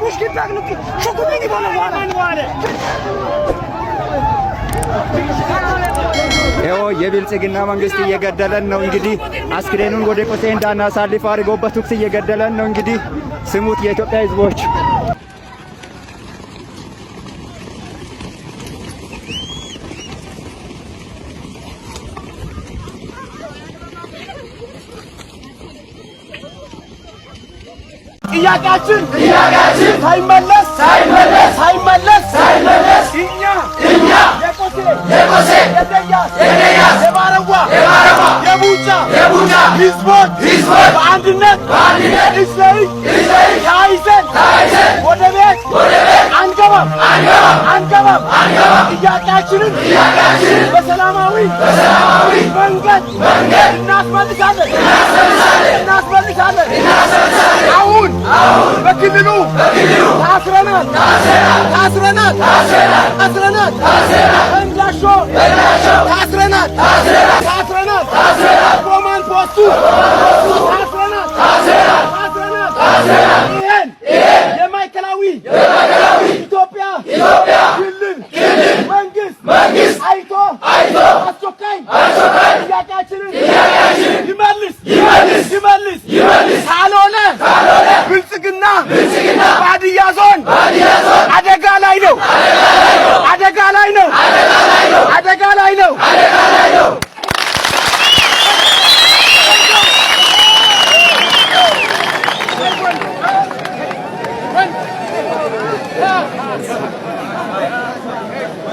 Пушки пягнуті, що куди не воно варе? የብልጽግና መንግስት እየገደለን ነው። እንግዲህ አስክሬኑን ወደ ቆሴ እንዳናሳልፍ አድርጎበት ተኩስ እየገደለን ነው። እንግዲህ ስሙት የኢትዮጵያ ህዝቦች ጥያቄያችን ጥያቄያችን ሳይመለስ ሳይመለስ ሳይመለስ ሳይመለስ ህዝቦች በአንድነት እጅ ለእጅ ተያይዘን ወደ ቤት አንገባም አንገባም ጥያቄያችንን በሰላማዊ መንገድ እናስመልሳለን እናስመልሳለን። አሁን በክልሉ ታስረናል ታስረናል ታስረናል ታስረናል ታስረናል a k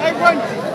Everyone!